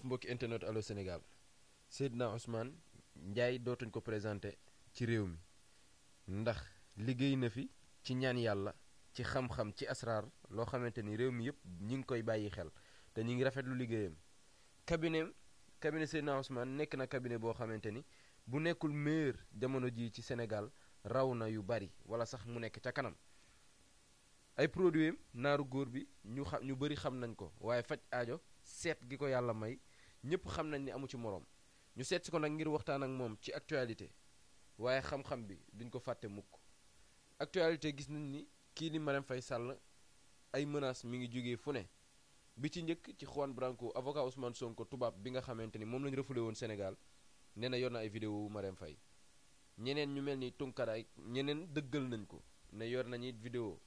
jëf mbokki internet Allô Sénégal Seydina Ousmane Ndiaye dootuñ ko présenté ci réew mi ndax liggéey na fi ci ñaan yàlla ci xam-xam ci asraar loo xamante ni réew mi yëpp ñi ngi koy bàyyi xel te ñu ngi rafet lu liggéeyam cabinet cabinet Seydina Ousmane nekk na cabinet boo xamante ni bu nekkul meilleur jamono jii ci senegal raw na yu bari wala sax mu nekk ca kanam ay produit naaru góor bi ñu xam ñu bari xam nañ ko waaye faj aajo seet gi ko yàlla may ñëpp xam nañ ni amu ci moroom ñu seet si ko nag ngir waxtaan ak moom ci actualité waaye xam-xam bi duñ ko fàtte mukk actualité gis nañ ni kii di Marème fay Sall ay menaces mi ngi jógee fu ne bi ci njëkk ci Juan Branco avocat Ousmane Sonko tubaab bi nga xamante ni moom lañu refoulé woon senegal nee na yor na ay vidéo Marème fay ñeneen ñu mel ni Tunkara ñeneen dëggal nañ ko ne yor nañu vidéo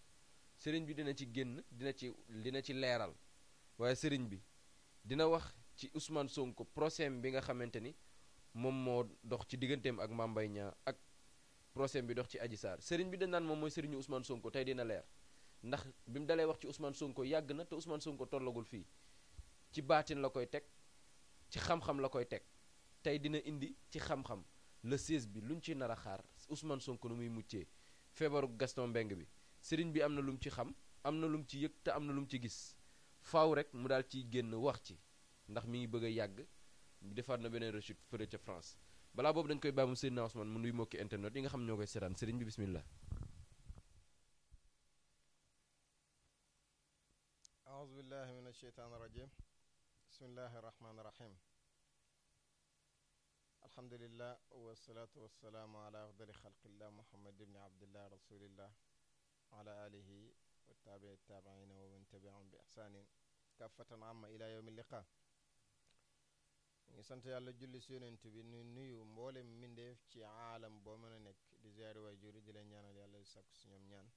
sëriñ bi dina ci génn dina ci dina ci leeral waaye sëriñ bi dina wax ci Ousmane Sonko procès bi nga xamante ni moom moo dox ci digganteem ak Mame Mbaye Niang ak procès bi dox ci Adji Sarr sëriñ bi dañ naan moom mooy sëriñu Ousmane Sonko tey dina leer ndax bi mu dalee wax ci Ousmane Sonko yàgg na te Ousmane Sonko tollagul fii ci baatin la koy teg ci xam-xam la koy teg tey dina indi ci xam-xam le 16 bi luñ ci nar a xaar Ousmane Sonko nu muy muccee feebaru Gaston Mbengue bi sëriñ bi am na lu mu ci xam am na lu mu ci yëg te am na lu ci gis faaw rek mu daal ciy génn wax ci ndax mi ngi bëgg a yàgg defaat na beneen rechute fële France balaa boobu dañ koy bàyyi mu Seydina Ousmane mu nuyu mbokki internet yi nga xam ñoo koy seetaan sëriñ bi bismillah aouzu billahi min asheytaan rajim bismillahi rahmaani rahim alhamdulillah wasalaatu wasalaamu ala afdali xalqillah muhammad ibni abdillah rasulillah ala alihi wa taabii taabiina ila yowmi liqa ngi sant yàlla julli si yonent bi nu nuyu mboolem mbindeef ci aalam boo mën a nekk di ziyaari waajur di leen ñaanal yàlla di sakku ñoom ñaan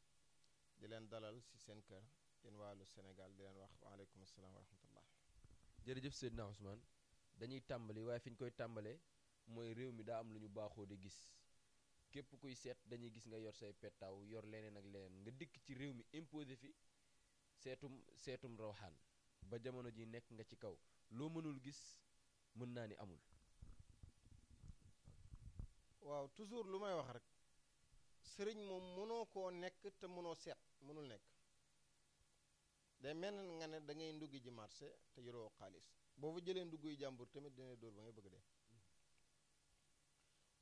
di leen dalal si seen kër wàllu Sénégal di leen wax waaleykum salaam wa rahmatullah jërëjëf Seydina dañuy tàmbali waaye fi ñu koy tàmbalee mooy réew mi daa am lu ñu baaxoo di gis képp kuy seet dañuy gis nga yor say pettaaw yor leneen ak leneen nga dikk ci réew mi imposé fi seetum seetum rawxaan ba jamono ji nekk nga ci kaw loo mënul gis mën naa ni amul waaw toujours lu may wax rek sëriñ moom mënoo koo nekk te mënoo seet mënul nekk day mel nga ne dangay ngay ndugg ji marché te yoroo xaalis boo fa jëlee ndugg yu jàmbur tamit dina dóor ba ngay bëgg dee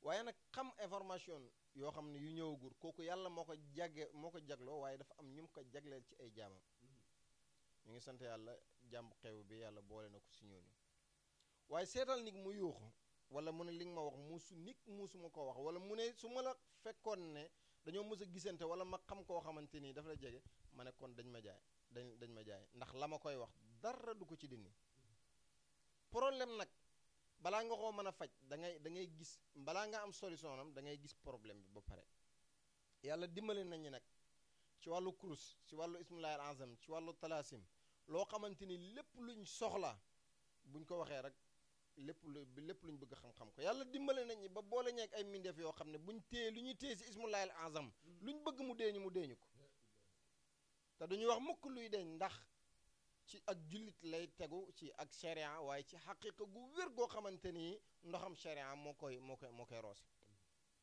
waaye nag xam information yoo xam ne yu ñëwagul kooku yàlla moo ko jagge moo ko jagloo waaye dafa am ñu mu ko jagleel ci ay jaamam mm-hmm. ñu ngi sant yàlla jàmb xew bi yàlla boole na ko si ñooñu waaye seetal nit mu yuuxu wala mu ne li nga ma wax musu nit musuma koo wax wala mu ne su ma la fekkoon ne dañoo mës a gisante wala ma xam koo xamante nii dafa la jege ma nekkoon dañ ma jaay dañ dañ ma jaay ndax la ma koy wax dara du ko ci dindi problème nag balaa nga koo mën a faj da ngay da ngay gis balaa nga am solution am dangay gis problème bi ba pare yàlla dimbale nañu nag ci wàllu kurus ci wàllu ismulaayil azam ci wàllu talaasim loo xamante ni lépp luñ soxla buñ ko waxee rek lépp lu lépp luñ bëgg xam-xam ko yàlla dimbale nañ ñi ba boole ñeeg ay mindeef yoo xam ne buñ téye lu ñuy téye si ismullahil azam luñ bëgg mu deeñu mu deeñu ko te duñu wax mukk luy deeñ ndax ci ak jullit lay tegu ci ak sharia waaye ci xaqiqa gu wér goo xamante nii ndoxam sharia moo koy moo koy moo koy roose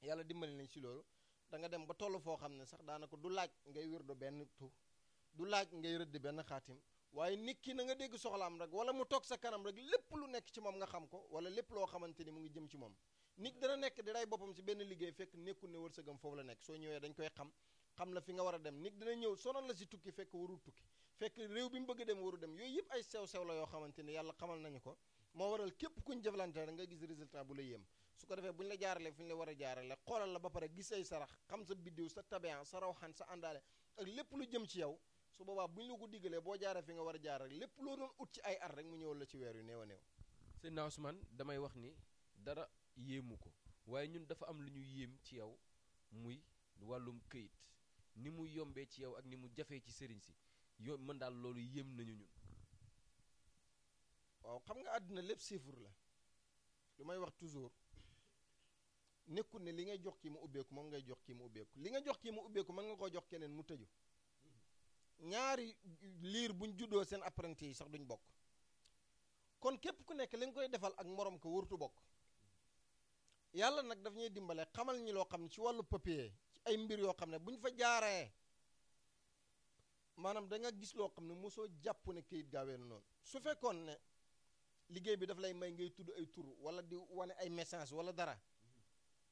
yàlla dimbali nañ si loolu da nga dem ba toll foo xam ne sax daanaka du laaj ngay wér do benn tu du laaj ngay rëdd benn xaatim waaye nit ki na nga dégg soxlaam rek wala mu toog sa kanam rek lépp lu nekk ci moom nga xam ko wala lépp loo xamante ni mu ngi jëm ci moom nit dana nekk di rey boppam si benn liggéey fekk nekkul ne wërsëgam foofu la nekk soo ñëwee dañ koy xam xam la fi nga war a dem nit dana ñëw sonal la si tukki fekk warul tukki fekk réew bi mu bëgg a dem waru dem yooyu yëpp ay sew-sew la yoo xamante ni yàlla xamal nañu ko moo waral képp ku ñu jëflante rek nga gis résultat bu la yéem su ko defee bu ñu la jaarale fi ñu war a jaarale xoolal la ba pare gis sarax xam biddiw sa tabéan sa rawxan sa àndaale ak lépp lu jëm ci yow su boobaa bu ñu la ko diggalee boo jaaree fi nga war a jaar rek lépp loo doon ut ci ay at rek mu ñëwal la ci weer yu néew a néew. sëñ damay wax ni dara yéemu ko waaye ñun dafa am lu ñu yéem ci yow muy wàllum këyit ni mu yombee ci yow ak ni mu jafee ci sëriñ si yo mën daal loolu yéem nañu ñun. waaw xam nga àdduna lépp chiffre la lu may wax toujours nekkul ne li ngay jox kii mu ubbeeku moom ngay jox kii mu ubbeeku li nga jox kii mu ubbeeku mën nga koo jox keneen mu tëju. ñaari liir buñ juddoo seen apprenti yi sax duñ bokk kon képp ku nekk li nga koy defal ak morom ko wërtu bokk yàlla nag daf ñuy dimbale xamal ñi loo xam ne ci wàllu papier ci ay mbir yoo xam ne bu ñu fa jaaree maanaam da gis loo xam ne soo jàpp ne kayit gaawee na noonu su fekkoon ne liggéey bi daf lay may ngay tudd ay tur wala di wane ay message wala dara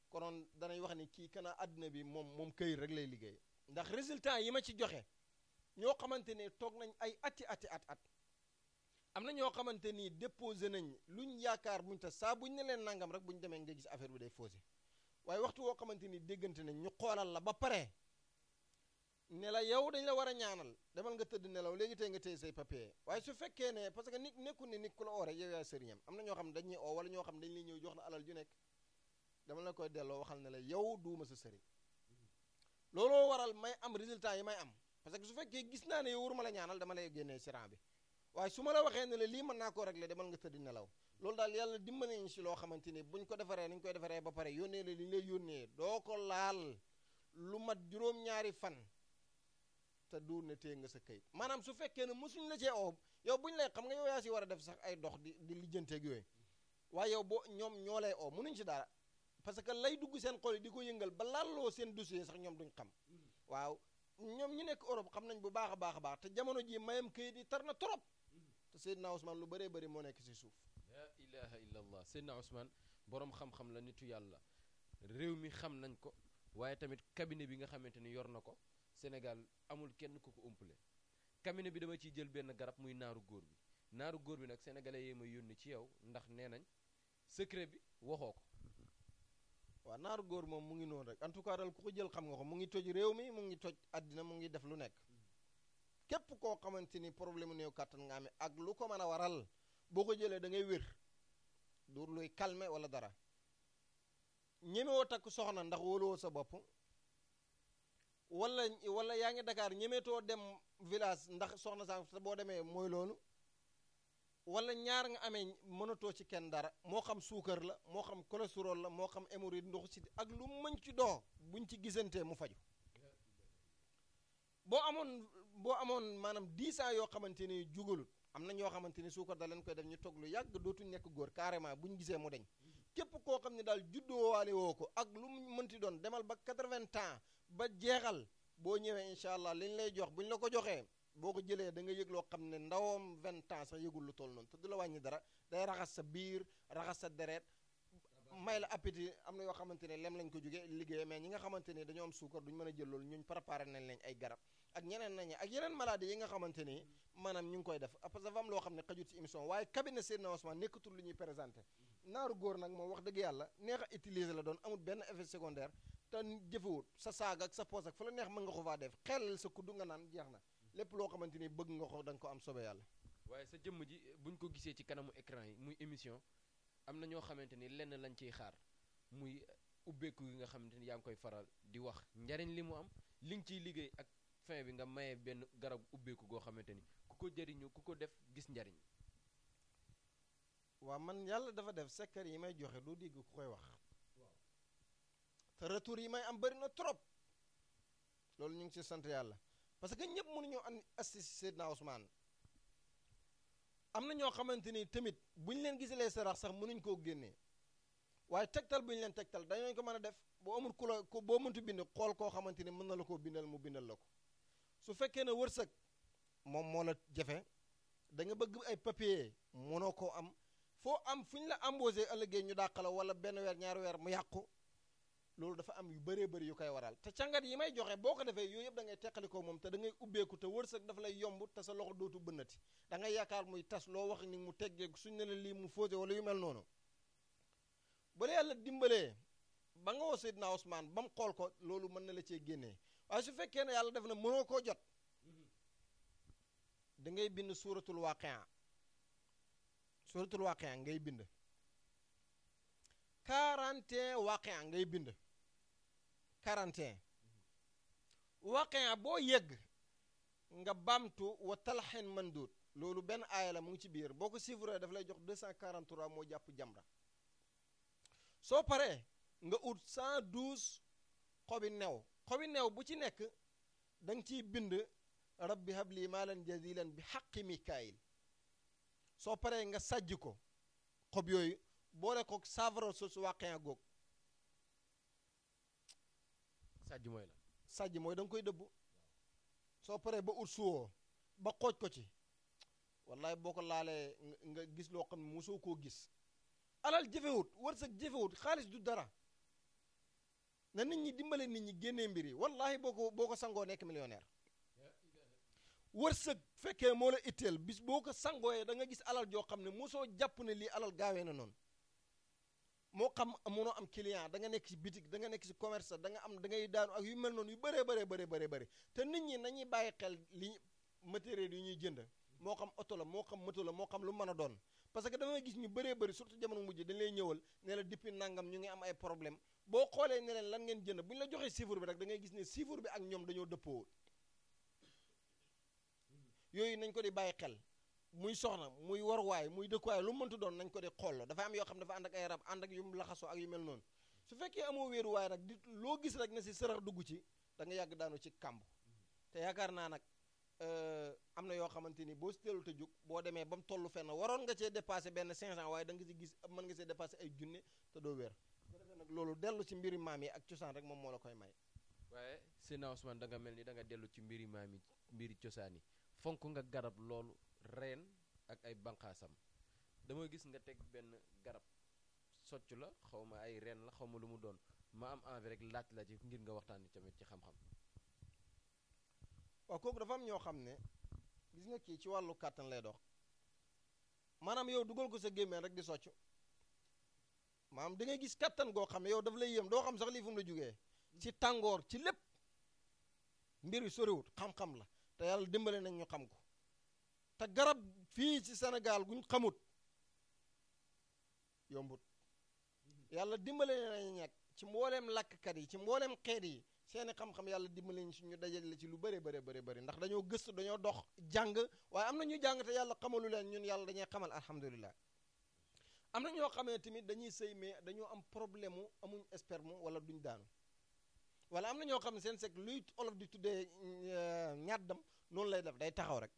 konoon danay wax ni kii kana àddina bi moom moom kayit rek lay liggéey ndax résultat yi ma ci joxe ñoo xamante ne toog nañ ay ati ati at at am na ñoo xamante ni déposé nañ luñ yaakaar buñ ta saa buñ ne leen nangam rek bu ñu demee nga gis affaire bi day faussé waaye waxtu woo xamante ni déggante nañ ñu xoolal la ba pare ne la yow dañ la war a ñaanal demal nga tëdd nelaw léegi tey nga tey say papier waaye su fekkee ne parce que nit nekkul ne nit ku la oo rek yow yaa sëriñam am na ñoo xam ne dañuy oo wala ñoo xam ne dañ lay ñëw jox la alal ju nekk dama la koy delloo waxal ne la yow duuma sa sëriñ looloo waral may am résultat yi may am parce que su fekkee gis naa ne yow waruma la ñaanal dama lay génnee si rang bi waaye su ma la waxee ne la lii mën naa koo régler demal nga tëdd nelaw loolu daal yàlla dimbali nañu si loo xamante ni buñ ko defaree ni koy defaree ba pare yónnee la li ñu lay yónnee doo ko laal lu mat juróom-ñaari fan te duur ne téye nga sa kayit maanaam su fekkee ne mosuñ la cee oo yow buñ lay xam nga yow yaa si war a def sax ay dox di di lijjanteeg yooyu waaye yow ñoom ñoo lay oo munuñ si dara parce que lay dugg seen xol yi di ko yëngal ba loo seen dossier sax ñoom duñ xam mm. waaw ñoom ñu nekk Europe xam nañ bu baax a baax a baax te jamono ji mayam kayit yi tar na trop te Seydina Ousmane lu bëree bëri moo nekk si suuf la ilaha illa allah Seydina Ousmane boroom xam-xam la nitu yàlla réew mi xam nañ ko waaye tamit cabinet bi nga xamante ni yor na ko Sénégal amul kenn ku ko umpale cabinet bi dama ciy jël benn garab muy naaru góor bi naaru góor bi nag sénégalais yee ma yónni ci yow ndax nee nañ secret bi waxoo ko waaw naar góor moom mu ngi noonu rek en tout cas dal ku ko jël xam nga ko mu ngi toj réew mi mu ngi toj àddina mu ngi def lu nekk hmm. képp koo xamante ni problème néew kàttan nga amee ak lu ko mën a waral boo ko jëlee da ngay wér du luy calmer wala dara ñemewoo takk soxna ndax wóoluwoo sa bopp wala wala yaa ngi Dakar ñemeetoo dem village ndax soxna sa boo demee mooy loolu wala ñaar nga amee mënatoo ci kenn dara moo xam suukar la moo xam cholestérol la moo xam hémorroïde ndox si ak lu mën ci doo ñu ci gisantee mu faju boo amoon boo amoon maanaam 10 ans yoo xamante ni jugalut am na ñoo xamante ni suukar da leen koy def ñu toog lu yàgg dootuñ nekk góor bu ñu gisee mu deñ képp koo xam ne daal juddoo waale woo ko ak lu mu mënti doon demal ba 80 ans ba jeexal boo ñëwee incha allah liñ lay jox buñ la ko joxee boo ko jëlee da nga yëg loo xam ne ndawam vingt ans sax yëgul lu toll noonu te du la wàññi dara day raxas sa biir raxas sa deret may la appétit am na yoo xamante ne lem lañ ko jógee liggéey mais ñi nga xamante ne dañoo am suukar duñu mën a jël loolu ñuñ préparé nañ leen ay garab ak ñeneen nañu ak yeneen maladie yi nga xamante ni maanaam ñu ngi koy def parce que dafa am loo xam ne xajut si émission waaye cabinet Seydina Ousmane nekkatul lu ñuy présenté naaru góor nag moom wax dëgg yàlla neex a la doon amul benn effet secondaire te jëfewut sa saag ak sa poos ak la neex mën nga ko def xelal sa kudd nga naan jeex na lépp loo xamante ni bëgg nga ko da nga ko am sobe yàlla. waaye sa jëmm ji buñ ko gisee ci kanamu écran yi muy émission am na ñoo xamante ni lenn lañ ciy xaar muy ubbeeku yi nga xamante ni yaa ngi koy faral di wax njariñ li mu am li nga ciy liggéey ak fin bi nga maye benn garab ubbeeku goo xamante ni ku ko jëriñu ku ko def gis njariñ. waaw man yàlla dafa def secret yi may joxe du dégg ku koy wax. te retour yi may am bëri na trop. loolu ñu ngi ci sant yàlla. parce que ñëpp mënuñoo am asti si Seydina Ousmane am na ñoo xamante ni tamit bu ñu leen gisalee sarax sax mënuñ koo génnee waaye tegtal bu ñu leen tegtal dañooñ ko mën a def boo amul ku la boo mëntu bind xool koo xamante ni mën na la koo bindal mu bindal la ko su fekkee ne wërsëg moom moo la jafe danga bëgg ay papier mënoo ko am foo am fu ñu la embauché ëllëgee ñu dàq la wala benn weer ñaari weer mu yàqu loolu dafa am yu bëree bëri yu koy waral te càngat yi may joxe boo ko defee yooyu yëpp da ngay teqalikoo moom te da ngay ubbeeku te wërsëg dafa lay yomb te sa loxo dootu bënnati da ngay yaakaar muy tas loo wax ni mu teggeeku suñ ne la lii mu fóose wala yu mel noonu ba la yàlla dimbalee ba nga woo Seydina naa ba mu xool ko loolu mën na la cee génnee waaye su fekkee ne yàlla def na mënoo koo jot da ngay bind suuratul waaqia suuratul waaqia ngay bind 41 waqia ngay bind 41 waqia boo yegg nga bamtu wa man mandud loolu benn aaya la mu ngi ci biir boo ko chiffré daf lay jox 243 moo jàpp jamra soo paree nga ut 112 xobi new xobi new bu ci nekk da nga ciy bind rabbi habli maalan jazilan bi xaqi mikaayil soo paree nga sàjj ko xob yooyu boo ko saafara su su wàqee ak góog. sàjj mooy la. sàjj mooy danga koy dëbb. soo paree ba ut suwoo ba xooj ko ci. wallaay boo ko laalee nga gis loo xam ne musoo koo gis. alal jëfewut wërsëg jëfewut xaalis du dara. na nit ñi dimbale nit ñi génnee mbir yi wallaahi boo ko boo ko sangoo nekk millionnaire. wërsëg fekkee moo la itteel bis boo ko sangooyee da nga gis alal joo xam ne mosoo jàpp ne lii alal gaawee na noonu moo xam mënoo am client danga nekk ci bitik da nga nekk ci commerce da nga am da ngay daanu ak yu mel noonu yu bëre bëree bëree bëree bëri te nit ñi nañuy bàyyi xel li matériel yu ñuy jënd moo xam oto la moo xam moto la moo xam lu mën a doon parce que danga gis ñu bëree bëri surtout jamono mujj dañ lay ñëwal ne la depuis nangam ñu ngi am ay problème boo xoolee ne lan ngeen jënd bu ñu la joxee chiffre bi rek da ngay gis ne chiffre bi ak ñoom dañoo dëppoo yooyu nañ ko di bàyyi xel muy soxna muy waruwaay muy dëkkuwaay lu mu mënta doon nañ ko di xool dafa am yoo xam dafa ànd ak ay ak yu mu laxasoo ak yu mel noonu su fekkee amoo wéeruwaay nag di loo gis rek ne si sërax dugg ci da yàgg daanu ci kàmb yaakaar naa nag euh, am na yoo xamante ni boo si jóg boo demee ba mu toll fenn waroon nga cee dépassé benn 500 waaye da nga si gis mën nga see dépassé ay junne te nag loolu dellu ci mbiri maam yi ak cosaan rek moom moo la koy may waaye Seydina Ousmane da nga mel ni da nga dellu ci mbiri maam yi mbiri cosaan yi fonk nga garab loolu reen ak ay banqaasam dama gis nga teg benn garab socc la xawma ay reen la xaw ma lu mu doon ma am envie rek laaj la ci ngir nga waxtaan tamit ci xam-xam waaw kooku dafa am ñoo xam ne gis nga kii ci wàllu kàttan lay dox maanaam yow dugal ko sa gémmeen rek di socc maanaam da gis kàttan goo xam ne yow daf lay yéem doo xam sax lii fu mu la jógee ci tàngoor ci lépp mbir yi soriwut xam-xam la te yàlla dimbale nañ ñu xam ko te garab fii ci Sénégal guñ xamut yombut yàlla dimbale nañ nag ci mbooleem làkkkat yi ci mbooleem xeet yi seeni xam-xam yàlla dimbale ñu ci ñu dajale ci lu bëri bëri bëri ndax dañoo gëstu dañoo dox jàng waaye am na ñu jàng te yàlla xamalu leen ñun yàlla dañuy xamal alhamdulilah am na ñoo xamee tamit dañuy sëy mais dañoo am problème mu amuñ esperme wala duñ daanu wala am na ñoo xam ne seen sek luy olof di tuddee euh, ñàddam noonu lay def day taxaw rek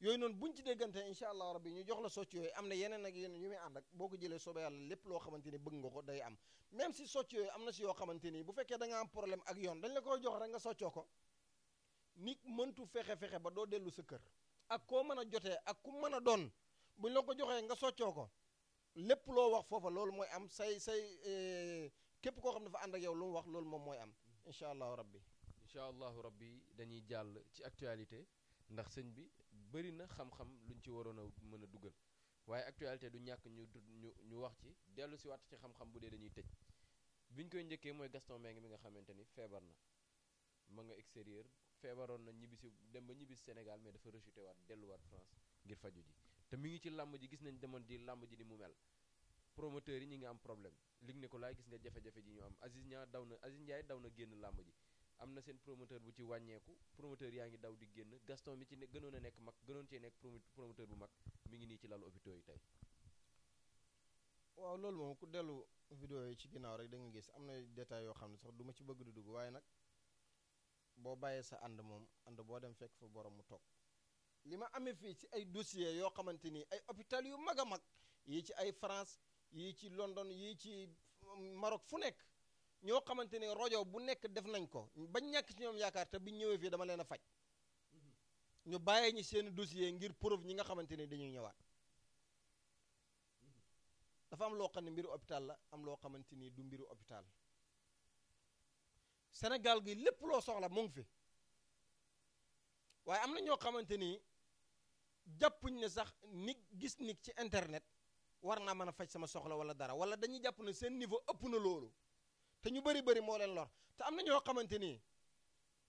yooyu noonu buñ ci déggante incha allah rabbi ñu jox la socc yooyu am na yeneen ak yeneen yu muy ànd ak boo ko jëlee soobee yàlla lépp loo xamante ni bëgg nga ko day am même si socc yooyu am na si yoo xamante ni bu fekkee da am problème ak yoon dañ la koy jox rek nga soccoo ko nit mëntu fexe-fexe ba doo dellu sa kër ak koo mën a jotee ak ku mën a doon buñ la ko joxee nga soccoo ko lépp loo wax foofa loolu mooy am say say eh, képp koo xam dafa ànd ak yow lu wax loolu moom mooy am incha allahu rabbi incha allahu rabbi dañuy jàll ci actualité ndax sëñ bi bëri na xam-xam luñ ci waroon a mën a dugal waaye actualité du ñàkk ñu ñu ñu wax ci dellu si waat ci xam-xam bu dee dañuy tëj bi ñu koy njëkkee mooy Gaston Mbengue mi nga xamante ni feebar na ma nga extérieur feebaroon na ñibbisi dem ba ñibbisi Sénégal mais dafa rechuté waat delluwaat France ngir faju ji te mi ngi ci làmb ji gis nañ demoon di làmb ji ni mu mel promoteurs yi ñi nga am problème Luc Nicolaï gis nga jafe-jafe ji ñu am Aziz Ndiaye daw na Aziz Ndiaye daw na génn làmb ji am na seen promoteur bu ci wàññeeku promoteur yaa ngi daw di génn Gaston mi ci ne gënoon a nekk mag gënoon cee nekk promoteur bu mag mi ngi nii ci lalu hôpitaux yi tey. waaw loolu moom ku dellu vidéo yi ci ginnaaw rek da nga gis am na détails yoo xam ne sax duma ci bëgg di dugg waaye nag boo bàyyee sa ànd moom ànd boo dem fekk fa borom mu toog. li ma amee fii si ay dossiers yoo xamante ni ay hôpital yu mag a mag yii ci ay France yii ci London yii ci Maroc fu nekk. ñoo xamante ne rojo bu nekk def nañ ko bañ ñàkk ci ñoom yaakaar te biñ ñëwee fii dama leen a faj ñu bàyyee ñi seen dossier ngir preuve ñi nga xamante ne dañuy ñëwaat dafa am loo xam ne mbiru hôpital la am loo xamante ni du mbiru hôpital Sénégal gi lépp loo soxla mu fi waaye am na ñoo xamante ni jàppuñ ne sax nit gis nit ci internet war naa mën a faj sama soxla wala dara wala dañuy jàpp ne seen niveau ëpp na loolu. te ñu bëri bëri moo leen lor te am na ñoo xamante ni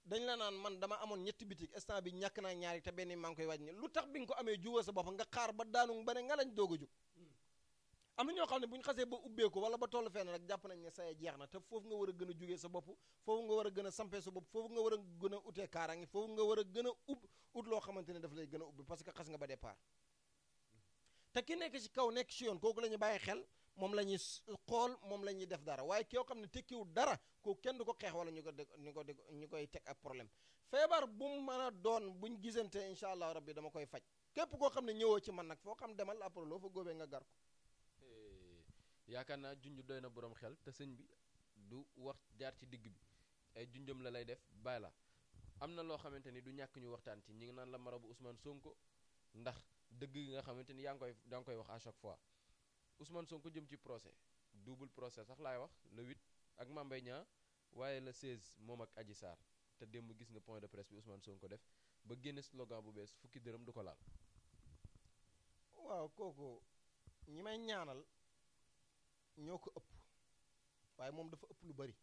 dañ la naan man dama amoon ñetti bitik instant bi ñàkk naa ñaari te benn maa ngi koy wàññi lu tax bi nga ko amee juwa sa bopp nga xaar ba daanu ba ne nga lañ doog a jug am na ñoo xam ne bu ñu xasee ba ubbeeku wala ba tollu fenn rek jàpp nañ sa saye jeex na te foofu nga war a gën a jugee sa bopp foofu nga war a gën a sampee sa bopp foofu nga war gën a utee kaaraange foofu nga war a gën ut loo xamante ne daf lay gën a ubbi parce que xas nga ba départ te ki nekk ci kaw nekk ci yoon kooku la ñu bàyyi xel moom la ñuy xool moom la ñuy def dara waaye koo xam ne tekkiwul dara ko kenn du ko xeex wala ñu ko dégg ñu ko dégg ñu koy teg ak problème feebar bu mu mën a doon buñ gisante incha allah rab bi dama koy faj képp koo xam ne ñëwoo ci man nag foo xam demal après loo fa góobee nga gar ko. Eh, yaakaar naa junj doy na borom xel te sëñ bi du wax jaar ci digg bi ay junjam la lay def bàyyi la am na loo xamante ni du ñàkk ñu waxtaan ci ñi ngi naan la mara marabu Ousmane Sonko ndax dëgg gi nga xamante ni yaa ngi koy yaa koy wax à chaque fois. Ousmane ko jëm ci procès double procès sax laay wax le 8 ak Mame Mbaye waaye le 16 moom ak aji Sarr te démb gis nga point de presse bi Ousmane ko def ba génne slogan bu bees fukki dërëm du ko laal. waaw kooku ñi may ñaanal ñoo ko ëpp waaye moom dafa ëpp lu bari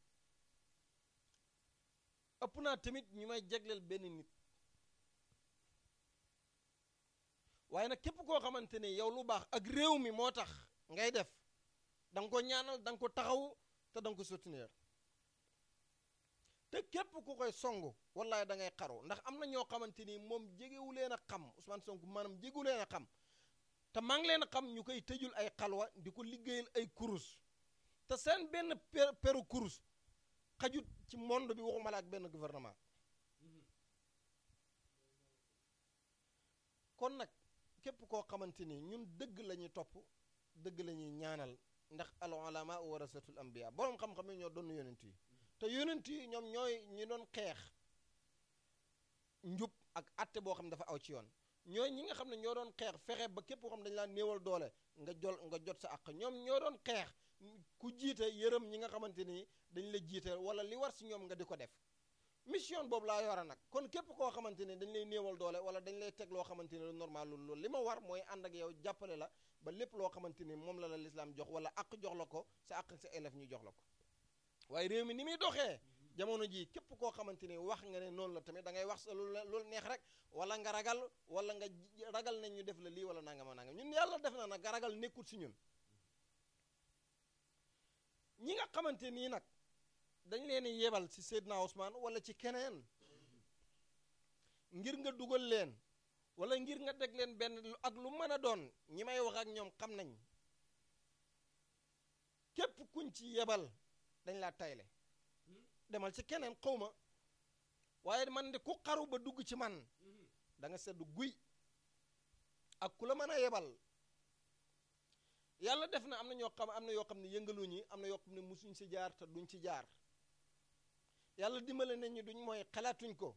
ëpp naa tamit ñi may jagleel benn nit. waaye nag képp koo xamante ne yow lu baax ak réew mi moo tax ngay def da nga ko ñaanal da nga ko taxaw te danga ko soutenir te képp ko koy songu wallaay da ngay xaru ndax am na ñoo xamante ni moom jegewu leen a xam Ousmane Sonko maanaam jegewu leen xam te maa ngi leen a xam ñu koy tëjul ay xalwa di ko liggéeyal ay kurus te seen benn per peru kurus xajut ci monde bi waxuma la benn gouvernement kon nag képp koo xamante ni ñun dëgg lañuy topp. dëgg la ñaanal ndax al ulama warasatul anbiya boroom xam-xam yi ñoo doon yonent yi te yonent yi ñoom ñooy ñi doon xeex njub ak atte boo xam ne dafa aw ci yoon ñooy ñi nga xam ne ñoo doon xeex fexe ba képp koo xam dañ laa néewal doole nga jol nga jot sa àq ñoom ñoo doon xeex ku jiite yërëm ñi nga xamante ni dañ la jiite wala li war si ñoom nga di ko def mission boobu laa yore nag kon képp koo xamante ne dañ lay néewal doole wala dañ lay teg loo xamante ne lu normal loolu li ma war mooy ànd ak yow jàppale la ba lépp loo xamante ni moom la la lislaam jox wala àq jox la ko si àq sa élève ñu jox la ko waaye réew mi ni muy doxee jamono jii képp koo xamante ni wax nga ne noonu la tamit da ngay wax sa lu loolu neex rek wala nga ragal wala nga ragal nañ ñu def la lii wala nangama nangam ñun yàlla def na nag nga ragal nekkul si ñun nga xamante nii nag dañ leen yebal ci Seydina Ousmane wala ci keneen ngir nga dugal leen wala ngir nga deg leen benn ak lu mën a doon ñi may wax ak ñoom xam nañ képp kuñ ci yebal dañ laa tayle demal ci keneen xawma ma waaye man de ku xaru ba dugg ci man danga sedd guy ak ku la mën a yebal yàlla def na am na ñoo xam am na yoo xam ne ñi am na yoo xam ne musuñ ci jaar te duñ ci jaar yàlla dimbale nañ ñu duñ mooy xalaatuñ ko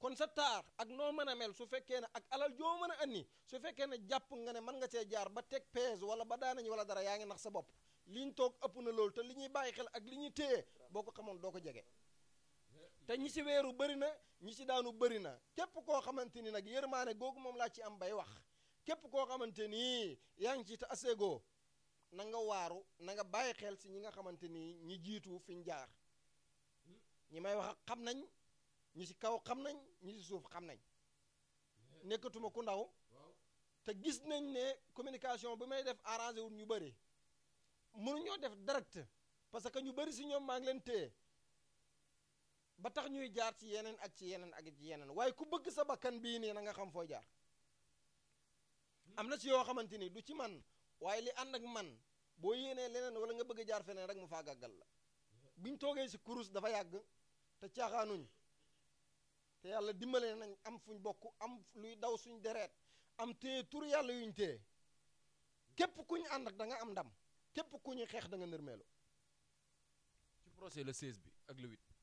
kon sa taar ak noo mën a mel su fekkee ne ak alal joo mën a andi su fekkee ne jàpp nga ne mën nga see jaar ba teg peese wala ba daanañu wala dara yaa ngi nax sa bopp li ñu toog ëpp na loolu te li ñuy bàyyi xel ak li ñuy téye boo ko xamoon doo ko jege te ñi si weeru bëri na ñi si daanu bëri na képp koo xamante ni nag yërmaane googu moom laa ci am bay wax képp koo xamante ni yaa ngi ci te aseegoo na nga waaru na nga bàyyi xel si ñi nga xamante ni ñi jiitu fi jaar ñi may wax xam nañ ñi si kaw xam nañ ñi ci suuf xam nañ nekkatuma ku ndaw te gis nañ ne communication bi may def arrangé wul ñu bëri mënuñoo def direct parce que ñu bëri si ñoom maa leen téye ba tax ñuy jaar ci yeneen ak ci yeneen ak ci yeneen waaye ku bëgg sa bakkan bii nii na nga xam foo jaar am na si yoo xamante ni du ci man waaye li ànd ak man boo yéenee leneen wala nga bëgg jaar feneen rek mu faagàggal la biñ toogee si kurus dafa yàgg te caaxaanuñ te yàlla dimbalee nañ am fuñ bokk am luy daw suñ dereet am téye tur yàlla yuñ téye képp ku ñu ànd ak da am ndam képp ku ñuy xeex da nga nërmeelu ci procès le 16 bi ak le 8.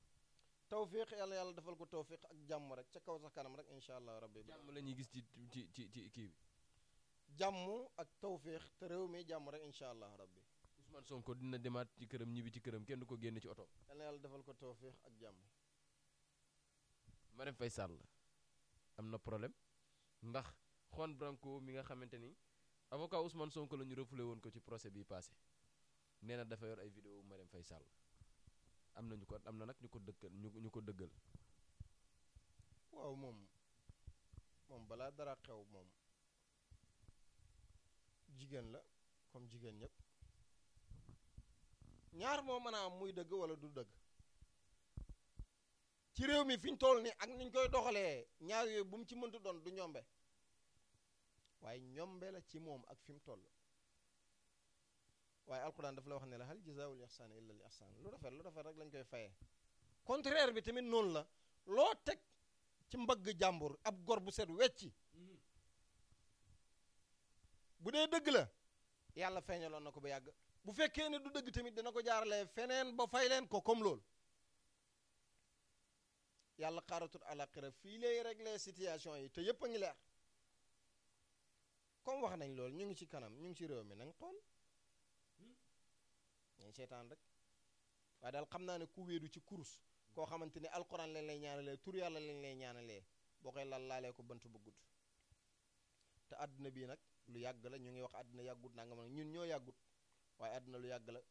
tawfiq yàlla yàlla defal ko tawfiq ak jàmm rek ca kaw sax kanam rek incha allah rabbi jàmm la ñuy gis ci ci ci ci kii bi. jàmm ak tawfiq te réew mi jàmm rek incha allah rabbi Ousmane Sonko dina demaat ci këram ñibbi ci këram kenn du ko génne ci oto. yàlla yàlla defal ko ak jàmm. Marème Faye Sall am na problème ndax Juan Branco mi nga xamante ni avocat Ousmane Sonko la ñu refoulé woon ko ci procès bi passé nee na dafa yor ay video Marème fay Sall am na ñu ko am na nag ñu ko dëkkal ñu ko dëggal. waaw moom moom balaa dara xew moom jigéen la comme jigéen ñëpp. ñaar moo mën a am muy dëgg wala du dëgg ci réew mi fi ñu toll nii ak niñ koy doxalee ñaar yooyu bu mu ci mënta doon du ñombe waaye ñombe la ci moom ak fi mu toll waaye alquran daf la wax ne la hal jazaawul ihsaan illa al ihsaan lu rafet lu rafet rek lañ koy fayee contraire bi tamit noonu la loo teg ci mbagg jàmbur ab gor bu set wecci mm-hmm. bu dee dëgg la yàlla feeñaloon na ko bu yàgg bu fekkee ne du dëgg tamit dana ko jaarale feneen ba fay leen ko comme loolu yàlla xaaratut àlaxira fii lay régler situation yi te yépp a ngi leer comme wax nañ lool ñu ngi ci kanam ñu ngi ci réew mi nañ xool nañ seetaan rek waaye daal xam naa ne ku wéedu ci kurus koo xamante ne alxuraan lañ lay ñaanalee tur yàlla lañ lay ñaanalee boo koy lal laalee ko bant bu gudd te àdduna bii nag lu yàgg la ñu ngi wax àdduna yàggut nanga ma ñun ñoo yàggut waaye àdduna lu yàgg la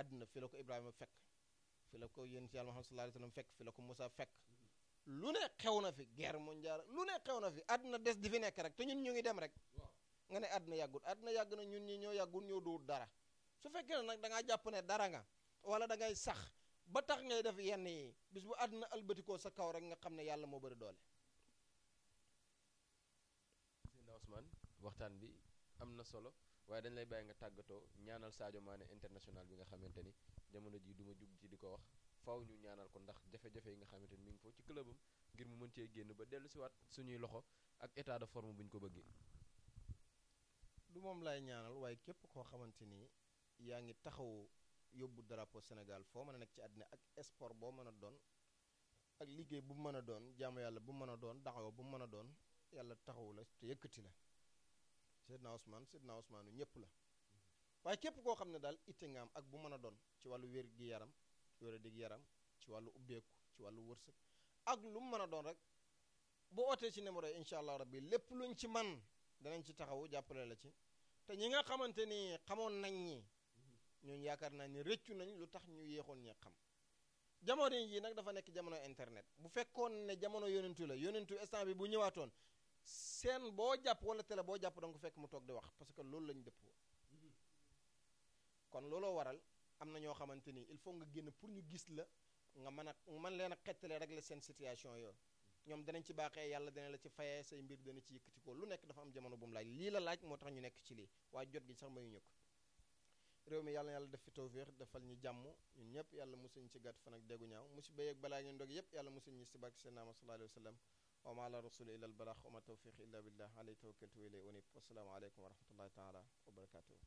àdduna fi la ko Ibrahima fekk fi la ko yéen ci yàlla Muhammad sallallahu alayhi wa fekk fi la ko Moussa fekk lu ne xew na fi guerre mondiale lu ne xew na fi àdduna des di fi nekk rek te ñun ñu ngi dem rek nga ne àdduna yàggut àdduna yàgg na ñun ñi ñoo yàggut ñoo duwut dara su fekkee nag da ngaa jàpp ne dara nga wala da ngay sax ba tax ngay def yenn yi bis bu àdduna albatikoo sa kaw rek nga xam ne yàlla moo bëri doole Seydina Ousmane waxtaan bi am na solo waaye dañ lay bàyyi nga tàggatoo ñaanal Sadio Mané international bi nga xamante ni jamono jii du ma jug ci di ko wax faaw ñu ñaanal ko ndax jafe-jafe yi nga xamante ni mi ngi foofu ci clubam ngir mu mën cee génn ba dellu waat suñuy loxo ak état de forme bu ñu ko bëggee. du moom laay ñaanal waaye képp koo xamante ni yaa ngi taxaw yóbbu drapeau Sénégal foo mën a nekk ci àddina ak sport boo mën a doon ak liggéey bu mën a doon jaamu yàlla bu mën a doon daxawoo bu mën a doon yàlla taxawu la yëkkati la. Seydina Ousmane Seydina Ousmane ñëpp la waaye képp koo xam ne daal itte nga am ak bu mën a doon ci wàllu wér yaram wér dig yaram ci wàllu ubbeeku ci wàllu wërsëg ak lu mu mën a doon rek bu ootee ci numéro yi incha allah rabbi lépp luñ ci man danañ ci taxaw jàppale la ci te ñi nga xamante ni xamoon nañ ñi ñooñu yaakaar naa ni rëccu nañ lu tax ñu yéexoon ñi xam jamono yi nag dafa nekk jamono internet bu fekkoon ne jamono yonentu la yonentu instant bi bu ñëwaatoon seen boo jàpp wala télé boo jàpp danga ko fekk mu toog di wax parce que loolu lañ dëppoo kon looloo waral am na ñoo xamante ni il faut nga génn pour ñu gis la nga mën a mën leen a xettale la seen situation yooyu ñoom danañ ci baaxee yàlla dana la ci fayee say mbir dana ci yëkkatikoo lu nekk dafa am jamono bu mu laaj lii la laaj moo tax ñu nekk ci lii waaye jot gi sax mayuñu ko réew mi yàlla na yàlla def fi tawféex defal ñu jàmm ñëpp yàlla musuñ ci gàtt fan ak déggu ñaaw musiba yeeg balaa ñu ndog wa ma ala rasuli illa albalagh wa ma tawfiq illa billah alayhi tawakkaltu wa ilayhi unib wasalaamu aleykum wa rahmatullahi taala wa barakatuhu